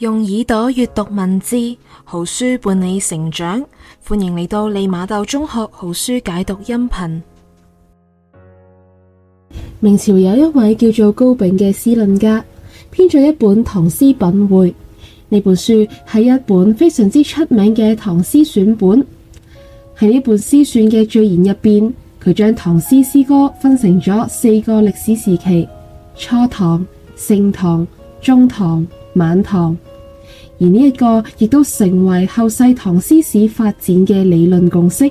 用耳朵閱讀文字，好書伴你成長。歡迎嚟到利馬竇中學好書解讀音頻。明朝有一位叫做高炳嘅詩論家，編咗一本《唐詩品彙》。呢本書係一本非常之出名嘅唐詩選本。喺呢本詩選嘅序言入邊，佢將唐詩詩歌分成咗四個歷史時期：初唐、盛唐、中唐、晚唐。而呢一個亦都成為後世唐詩史發展嘅理論共識。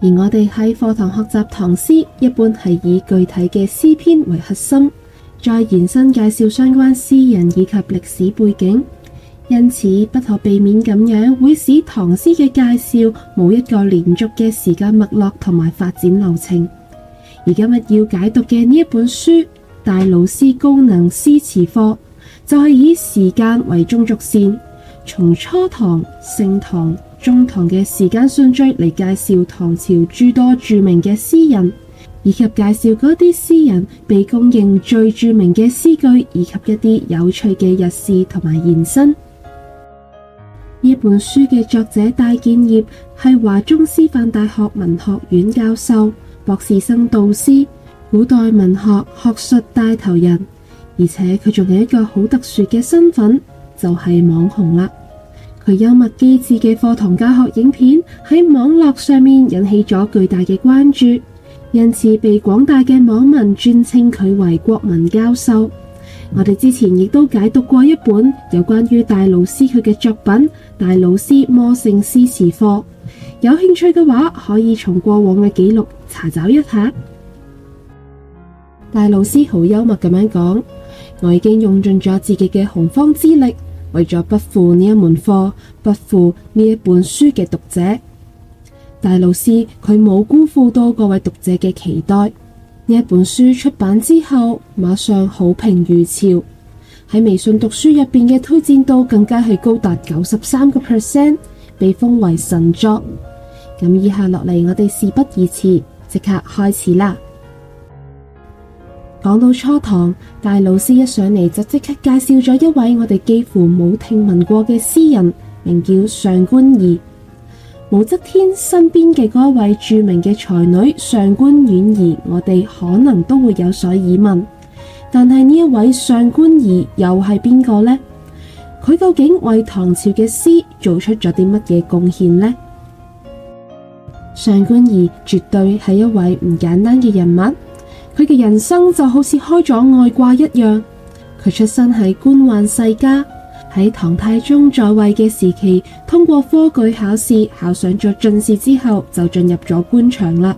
而我哋喺課堂學習唐詩，一般係以具體嘅詩篇為核心，再延伸介紹相關詩人以及歷史背景。因此，不可避免咁樣會使唐詩嘅介紹冇一個連續嘅時間脈絡同埋發展流程。而今日要解讀嘅呢一本書《戴老師高能詩詞課》。就係以，以時間為中軸線，從初唐、盛唐、中唐嘅時間順序嚟介紹唐朝諸多著名嘅詩人，以及介紹嗰啲詩人被公認最著名嘅詩句，以及一啲有趣嘅軼事同埋延伸。呢本書嘅作者戴建業係華中師範大學文學院教授、博士生導師、古代文學學術帶頭人。而且佢仲有一個好特殊嘅身份，就係網紅啦。佢幽默機智嘅課堂教學影片喺網絡上面引起咗巨大嘅關注，因此被廣大嘅網民尊稱佢為國民教授。我哋之前亦都解讀過一本有關於戴老師佢嘅作品《戴老師魔性詩詞課》，有興趣嘅話，可以從過往嘅記錄查找一下。戴老師好幽默咁樣講。我已經用盡咗自己嘅洪荒之力，為咗不負呢一門課，不負呢一本書嘅讀者。戴老師佢冇辜負到各位讀者嘅期待，呢一本書出版之後，馬上好評如潮，喺微信讀書入邊嘅推薦度更加係高達九十三個 percent，被封為神作。咁以下落嚟，我哋事不宜遲，即刻開始啦。講到初唐，戴老師一上嚟就即刻介紹咗一位我哋幾乎冇聽聞過嘅詩人，名叫上官儀。武則天身邊嘅嗰位著名嘅才女上官婉兒，我哋可能都會有所耳聞。但係呢位上官儀又係邊個呢？佢究竟為唐朝嘅詩做出咗啲乜嘢貢獻呢？上官儀絕對係一位唔簡單嘅人物。佢嘅人生就好似開咗外掛一樣。佢出身喺官宦世家，喺唐太宗在位嘅時期，通過科舉考試考上咗進士之後，就進入咗官場啦。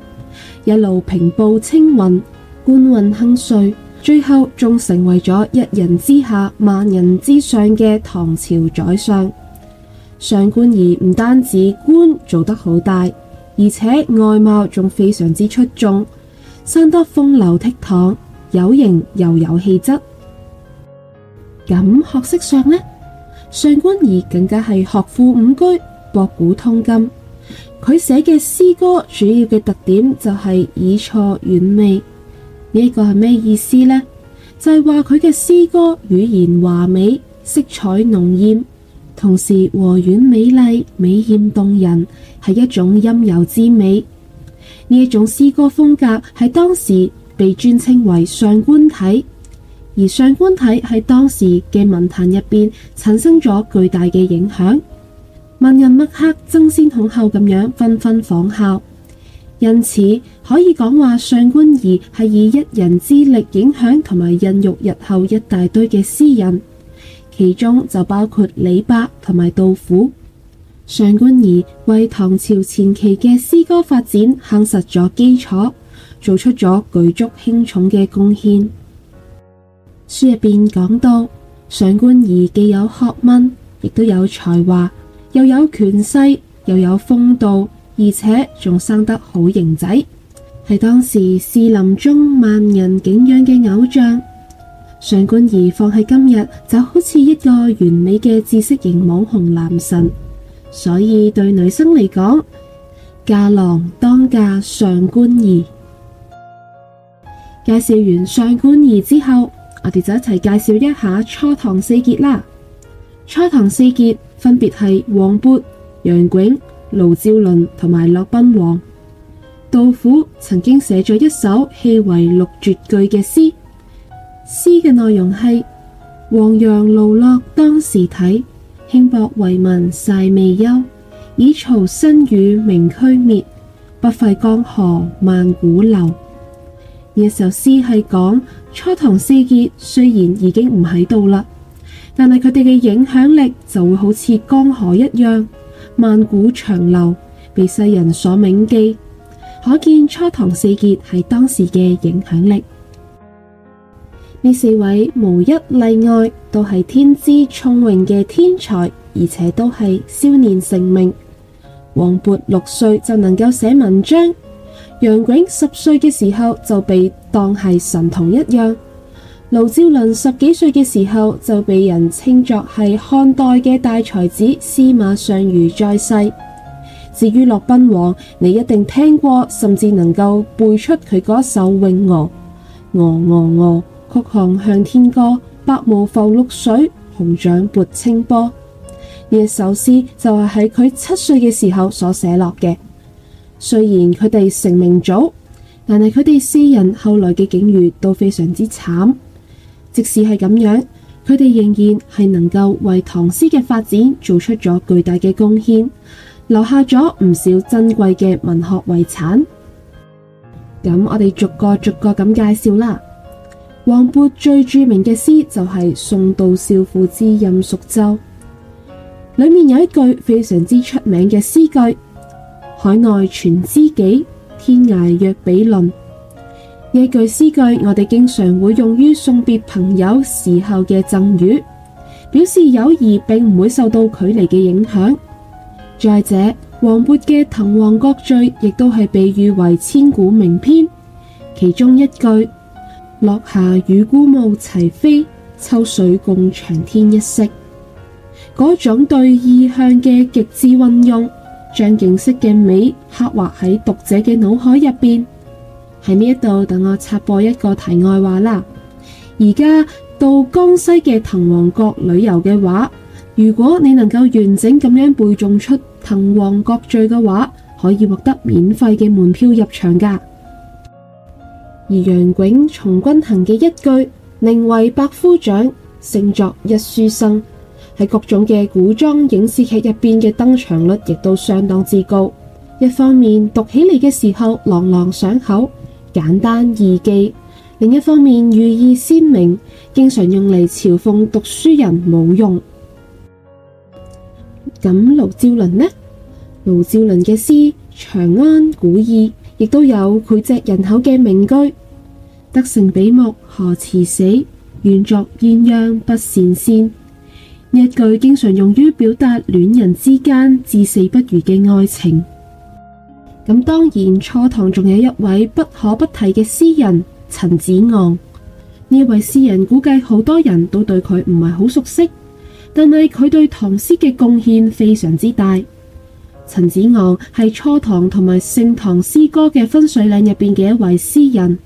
一路平步青雲，官運亨瑞，最後仲成為咗一人之下、萬人之上嘅唐朝宰相上官儀。唔單止官做得好大，而且外貌仲非常之出眾。生得風流倜儻，有型又有氣質。咁學識上呢？上官儀更加係學富五車，博古通今。佢寫嘅詩歌主要嘅特點就係綺錯軟媚。呢、呢個係咩意思呢？就係話佢嘅詩歌語言華美，色彩濃艷，同時和婉美麗、美艷動人，係一種陰柔之美。呢一種詩歌風格喺當時被尊稱為上官體，而上官體喺當時嘅文壇入邊產生咗巨大嘅影響，文人墨客爭先恐後咁樣紛紛仿效，因此可以講話上官儀係以一人之力影響同埋孕育日後一大堆嘅詩人，其中就包括李白同埋杜甫。上官儀為唐朝前期嘅詩歌發展夯實咗基礎，做出咗舉足輕重嘅貢獻。書入面講到，上官儀既有學問，亦都有才華，又有權勢，又有風度，而且仲生得好型仔，係當時士林中萬人景仰嘅偶像。上官儀放喺今日就好似一個完美嘅知識型網紅男神。所以對女生嚟講，嫁郎當嫁上官儀。介紹完上官儀之後，我哋就一齊介紹一下初唐四傑啦。初唐四傑分別係王勃、楊炯、盧照鄰同埋駱賓王。杜甫曾經寫咗一首戲為六絕句嘅詩，詩嘅內容係王楊盧駱當時體，輕薄為文，世未休，爾曹身與名俱滅，不廢江河萬古流。呢一首詩係講初唐四傑雖然已經唔喺度啦，但係佢哋嘅影響力就會好似江河一樣，萬古長流，被世人所銘記。可見初唐四傑係當時嘅影響力。呢四位無一例外都係天資聰穎嘅天才，而且都係少年成名。王勃六歲就能夠寫文章，楊炯十歲嘅時候就被當係神童一樣。盧照鄰十幾歲嘅時候就被人稱作係漢代嘅大才子司馬相如在世。至於駱賓王，你一定聽過，甚至能夠背出佢嗰首永《詠鵝》。鵝，鵝，鵝。曲項向天歌，白毛浮綠水，紅掌撥清波。呢一首詩就係喺佢七歲嘅時候所寫落嘅。雖然佢哋成名早，但係佢哋四人後來嘅境遇都非常之慘。即使係咁樣，佢哋仍然係能夠為唐詩嘅發展做出咗巨大嘅貢獻，留下咗唔少珍貴嘅文學遺產。咁我哋逐個逐個咁介紹啦。王勃最著名嘅詩就係、是《送杜少府之任蜀州》，裏面有一句非常之出名嘅詩句：「海內存知己，天涯若比鄰」。呢句詩句我哋經常會用於送別朋友時候嘅贈語，表示友誼並唔會受到距離嘅影響。再者，王勃嘅《滕王閣序》亦都係被譽為千古名篇，其中一句。落霞與孤鶩齊飛，秋水共長天一色。嗰種對意向嘅極致運用，將景色嘅美刻畫喺讀者嘅腦海入邊。喺呢一度，等我插播一個題外話啦。而家到江西嘅滕王閣旅遊嘅話，如果你能夠完整咁樣背誦出滕王閣序嘅話，可以獲得免費嘅門票入場㗎。而楊炯《從軍行》嘅一句“寧為百夫長，勝作一書生”，喺各種嘅古裝影視劇入邊嘅登場率亦都相當之高。一方面讀起嚟嘅時候朗朗上口，簡單易記；另一方面寓意鮮明，經常用嚟嘲諷讀書人冇用。咁盧照鄰呢？盧照鄰嘅詩《長安古意》。亦都有膾炙人口嘅名句：得成比目何辭死，願作鴛鴦不羨仙。一句經常用於表達戀人之間至死不渝嘅愛情。咁當然，初唐仲有一位不可不提嘅詩人——陳子昂。呢位詩人估計好多人都對佢唔係好熟悉，但係佢對唐詩嘅貢獻非常之大。陳子昂係初唐同埋盛唐詩歌嘅分水嶺入邊嘅一位詩人，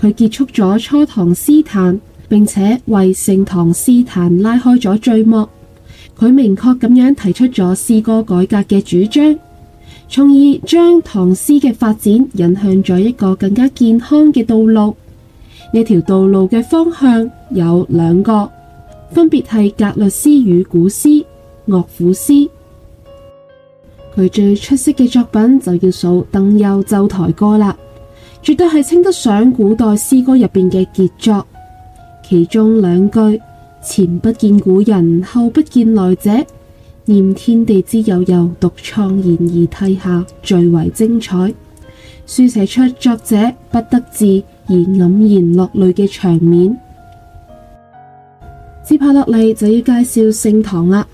佢結束咗初唐詩壇，並且為盛唐詩壇拉開咗序幕。佢明確咁樣提出咗詩歌改革嘅主張，從而將唐詩嘅發展引向咗一個更加健康嘅道路。呢條道路嘅方向有兩個，分別係格律詩與古詩、樂府詩。佢最出色嘅作品就要數《登幽州台歌》啦，絕對係稱得上古代詩歌入邊嘅傑作。其中兩句“前不見古人，後不見來者”，念天地之悠悠，獨愴然而涕下”最為精彩，書寫出作者不得志而黯然落淚嘅場面。接下落嚟就要介紹盛唐啦。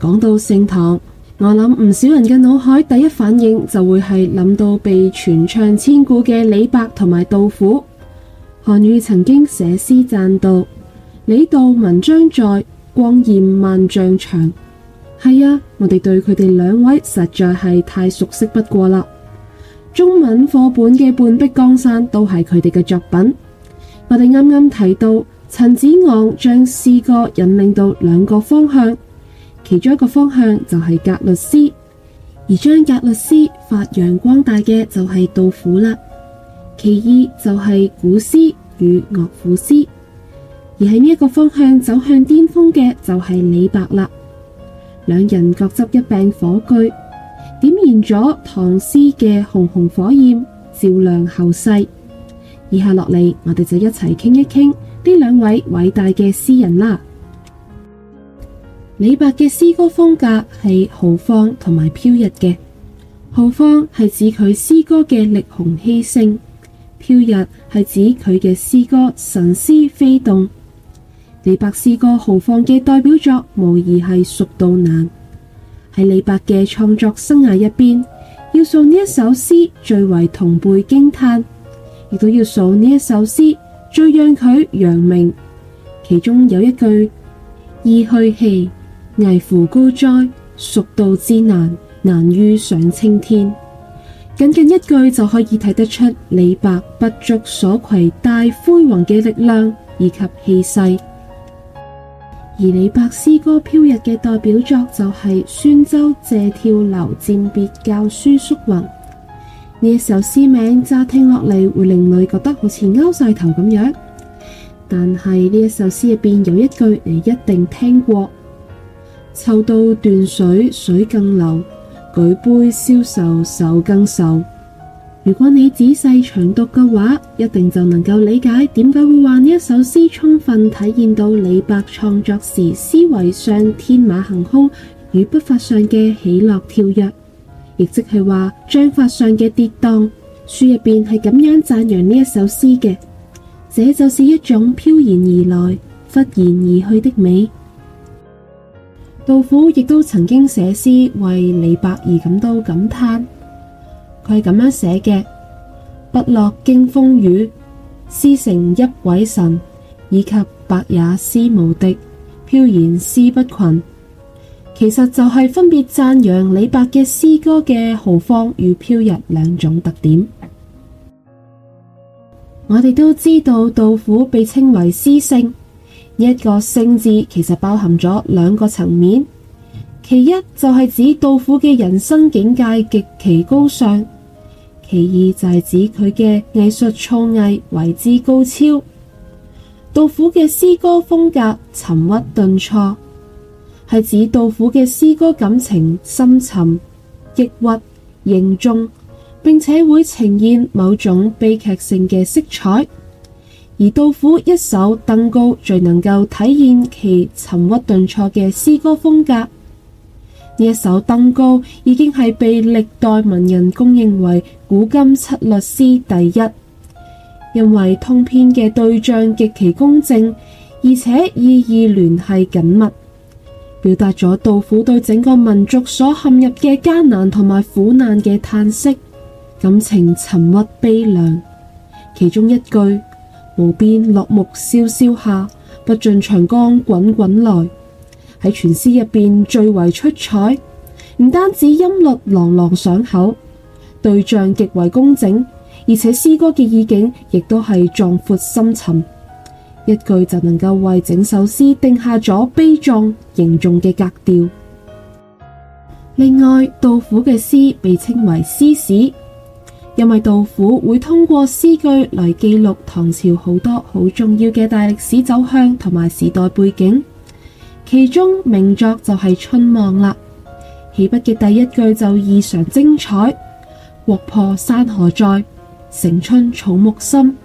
講到盛唐。我諗唔少人嘅腦海第一反應就會係諗到被傳唱千古嘅李白同埋杜甫。韓愈曾經寫詩讚道：李杜文章在，光焰萬丈長。係啊，我哋對佢哋兩位實在係太熟悉不過啦。中文課本嘅《半壁江山》都係佢哋嘅作品。我哋啱啱提到，陳子昂將詩歌引領到兩個方向。其中一個方向就係格律詩，而將格律詩發揚光大嘅就係杜甫啦。其二就係古詩與樂府詩，而喺呢一個方向走向巔峰嘅就係李白啦。兩人各執一柄火炬，點燃咗唐詩嘅熊熊火焰，照亮後世。以下落嚟，我哋就一齊傾一傾呢兩位偉大嘅詩人啦。李白嘅詩歌風格係豪放同埋飄逸嘅。豪放係指佢詩歌嘅力雄氣盛，飄逸係指佢嘅詩歌神思飛動。李白詩歌豪放嘅代表作無疑係《蜀道難》。喺李白嘅創作生涯入邊，要數呢一首詩最為同輩驚嘆，亦都要數呢一首詩最讓佢揚名。其中有一句：噫吁嚱。危乎高哉，蜀道之難，難於上青天。僅僅一句就可以睇得出李白不足所攜大輝煌嘅力量以及氣勢。而李白詩歌飄逸嘅代表作就係、是《宣州謝朓樓餞別校書叔雲》。呢一首詩名乍聽落嚟，會令你覺得好似勾晒頭咁樣，但係呢一首詩入邊有一句你一定聽過。抽刀斷水，水更流，舉杯消愁，愁更愁。如果你仔細詳讀嘅話，一定就能夠理解點解會話呢一首詩充分體現到李白創作時思維上天馬行空與筆法上嘅起落跳躍，亦即係話章法上嘅跌宕。書入邊係咁樣讚揚呢一首詩嘅，這就是一種飄然而來、忽然而去的美。杜甫亦都曾經寫詩為李白而感到感嘆，佢係咁樣寫嘅：不落驚風雨，詩成一鬼神，以及白也詩無敵，飄然思不群。其實就係分別讚揚李白嘅詩歌嘅豪放與飄逸兩種特點。我哋都知道杜甫被稱為詩聖。一個「聖」字其實包含咗兩個層面，其一就係指杜甫嘅人生境界極其高尚，其二就係指佢嘅藝術造詣為之高超。杜甫嘅詩歌風格沉鬱頓挫，係指杜甫嘅詩歌感情深沉、抑鬱、凝重，並且會呈現某種悲劇性嘅色彩。而杜甫一首《登高》最能夠體現其沉鬱頓挫嘅詩歌風格。呢一首《登高》已經係被歷代文人公認為古今七律詩第一，因為通篇嘅對仗極其公正，而且意義聯繫緊密，表達咗杜甫對整個民族所陷入嘅艱難同埋苦難嘅嘆息，感情沉鬱悲涼。其中一句。無邊落木蕭蕭下，不盡長江滾滾來。喺全詩入邊最為出彩，唔單止音律朗朗上口，對仗極為工整，而且詩歌嘅意境亦都係壯闊深沉。一句就能夠為整首詩定下咗悲壯凝重嘅格調。另外，杜甫嘅詩被稱為詩史。因為杜甫會通過詩句來記錄唐朝好多好重要嘅大歷史走向同埋時代背景，其中名作就係《春望》啦。起筆嘅第一句就異常精彩，國破山河在，城春草木深。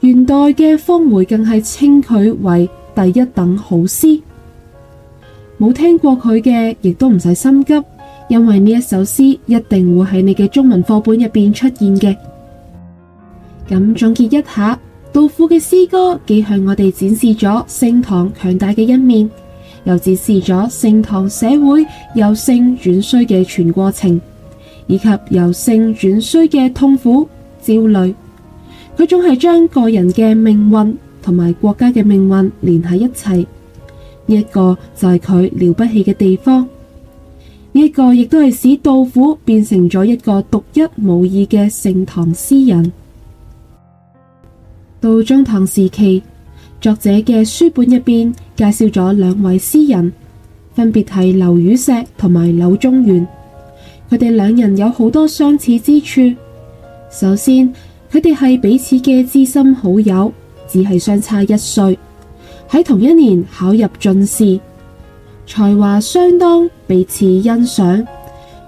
元代嘅方回更係稱佢為第一等好詩。冇聽過佢嘅，亦都唔使心急。因為呢一首詩一定會喺你嘅中文課本入邊出現嘅。咁總結一下，杜甫嘅詩歌既向我哋展示咗盛唐強大嘅一面，又展示咗盛唐社會由盛轉衰嘅全過程，以及由盛轉衰嘅痛苦焦慮。佢總係將個人嘅命運同埋國家嘅命運連喺一齊，呢一個就係佢了不起嘅地方。呢一個亦都係使杜甫變成咗一個獨一無二嘅盛唐詩人。到中唐時期，作者嘅書本入邊介紹咗兩位詩人，分別係劉禹錫同埋柳宗元。佢哋兩人有好多相似之處。首先，佢哋係彼此嘅知心好友，只係相差一歲，喺同一年考入進士。才華相當，彼此欣賞。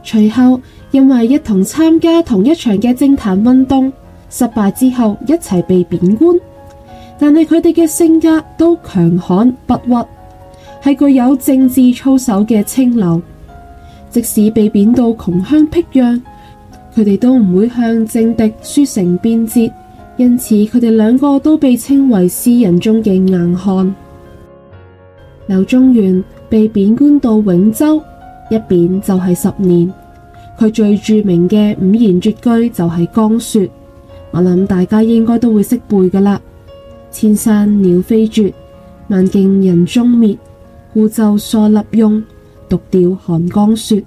隨後因為一同參加同一場嘅政壇運動，失敗之後一齊被貶官。但係佢哋嘅性格都強悍不屈，係具有政治操守嘅清流。即使被貶到窮鄉僻壤，佢哋都唔會向政敵輸誠變節，因此，佢哋兩個都被稱為詩人中嘅硬漢。柳宗元被貶官到永州，一貶就係十年。佢最著名嘅五言絕句就係《江雪》，我諗大家應該都會識背㗎喇。千山鳥飛絕，萬徑人蹤滅。孤舟蓑笠翁，獨釣寒江雪。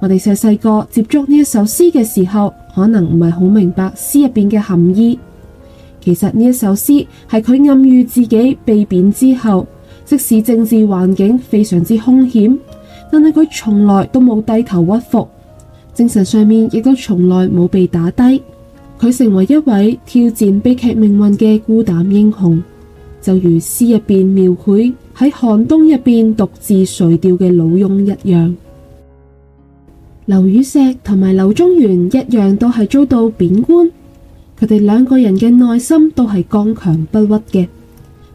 我哋細細個接觸呢一首詩嘅時候，可能唔係好明白詩入邊嘅含義。其實呢一首詩係佢暗喻自己被貶之後。即使政治環境非常之凶險，但係佢從來都冇低頭屈服，精神上面亦都從來冇被打低。佢成為一位挑戰悲劇命運嘅孤膽英雄，就如詩入邊描繪喺寒冬入邊獨自垂釣嘅老翁一樣。劉禹錫同埋柳宗元一樣，都係遭到貶官，佢哋兩個人嘅內心都係剛強不屈嘅。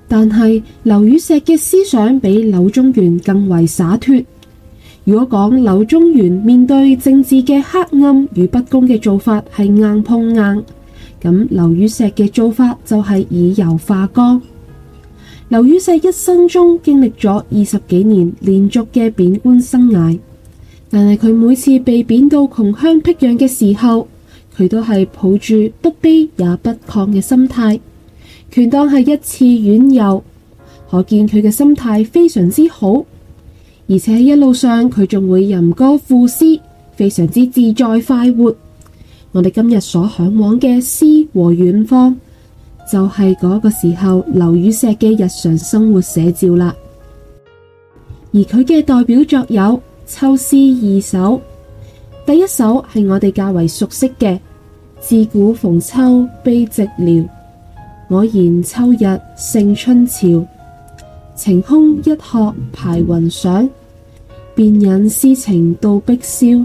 但係劉禹錫嘅思想比柳宗元更為灑脫。如果講柳宗元面對政治嘅黑暗與不公嘅做法係硬碰硬，咁劉禹錫嘅做法就係以柔化剛。劉禹錫一生中經歷咗二十幾年連續嘅貶官生涯，但係佢每次被貶到窮鄉僻壤嘅時候，佢都係抱住不卑也不亢嘅心態。權當係一次遠遊，可見佢嘅心態非常之好，而且一路上佢仲會吟歌賦詩，非常之自在快活。我哋今日所向往嘅詩和遠方，就係、是、嗰個時候劉禹錫嘅日常生活寫照啦。而佢嘅代表作有《秋詩二首》，第一首係我哋較為熟悉嘅《自古逢秋悲寂寥》。我言秋日勝春朝，晴空一鶴排雲上，便引詩情到碧霄。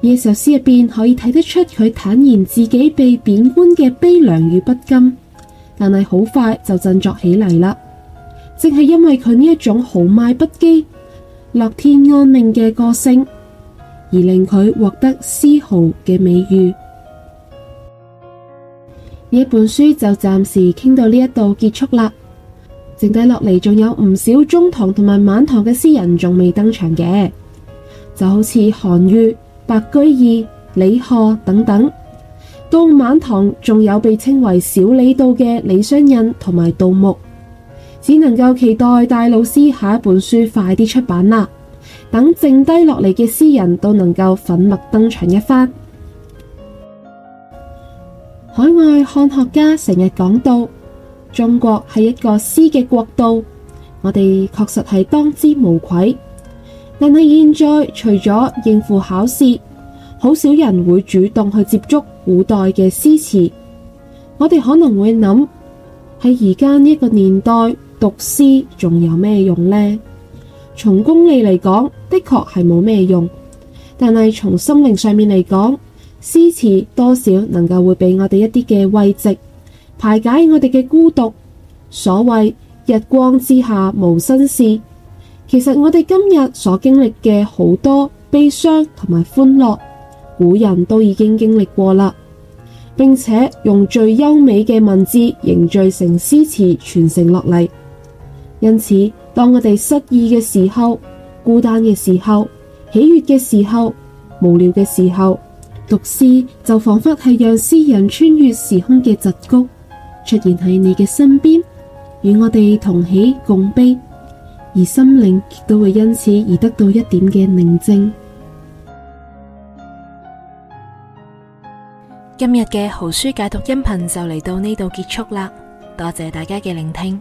呢個時候詩入邊可以睇得出佢坦然自己被貶官嘅悲涼與不甘，但係好快就振作起嚟啦。正係因為佢呢一種豪邁不羈、樂天安命嘅個性，而令佢獲得詩豪嘅美譽。呢本書就暫時傾到呢一度結束啦，剩低落嚟，仲有唔少中唐同埋晚唐嘅詩人仲未登場嘅，就好似韓愈、白居易、李賀等等。到晚唐仲有被稱為小李杜嘅李商隱同埋杜牧，只能夠期待戴老師下一本書快啲出版啦，等剩低落嚟嘅詩人都能夠粉墨登場一番。海外漢學家成日講到，中國係一個詩嘅國度，我哋確實係當之無愧。但係現在除咗應付考試，好少人會主動去接觸古代嘅詩詞。我哋可能會諗，喺而家呢一個年代，讀詩仲有咩用呢？從功利嚟講，的確係冇咩用。但係從心靈上面嚟講，詩詞多少能夠會俾我哋一啲嘅慰藉，排解我哋嘅孤獨。所謂日光之下無新事，其實我哋今日所經歷嘅好多悲傷同埋歡樂，古人都已經經歷過啦，並且用最優美嘅文字凝聚成詩詞傳承落嚟。因此，當我哋失意嘅時候、孤單嘅時候、喜悦嘅時候、無聊嘅時候，讀詩就仿佛係讓詩人穿越時空嘅桎梏，出現喺你嘅身邊，與我哋同喜共悲，而心靈亦都會因此而得到一點嘅寧靜。今日嘅好書解讀音頻就嚟到呢度結束啦，多謝大家嘅聆聽。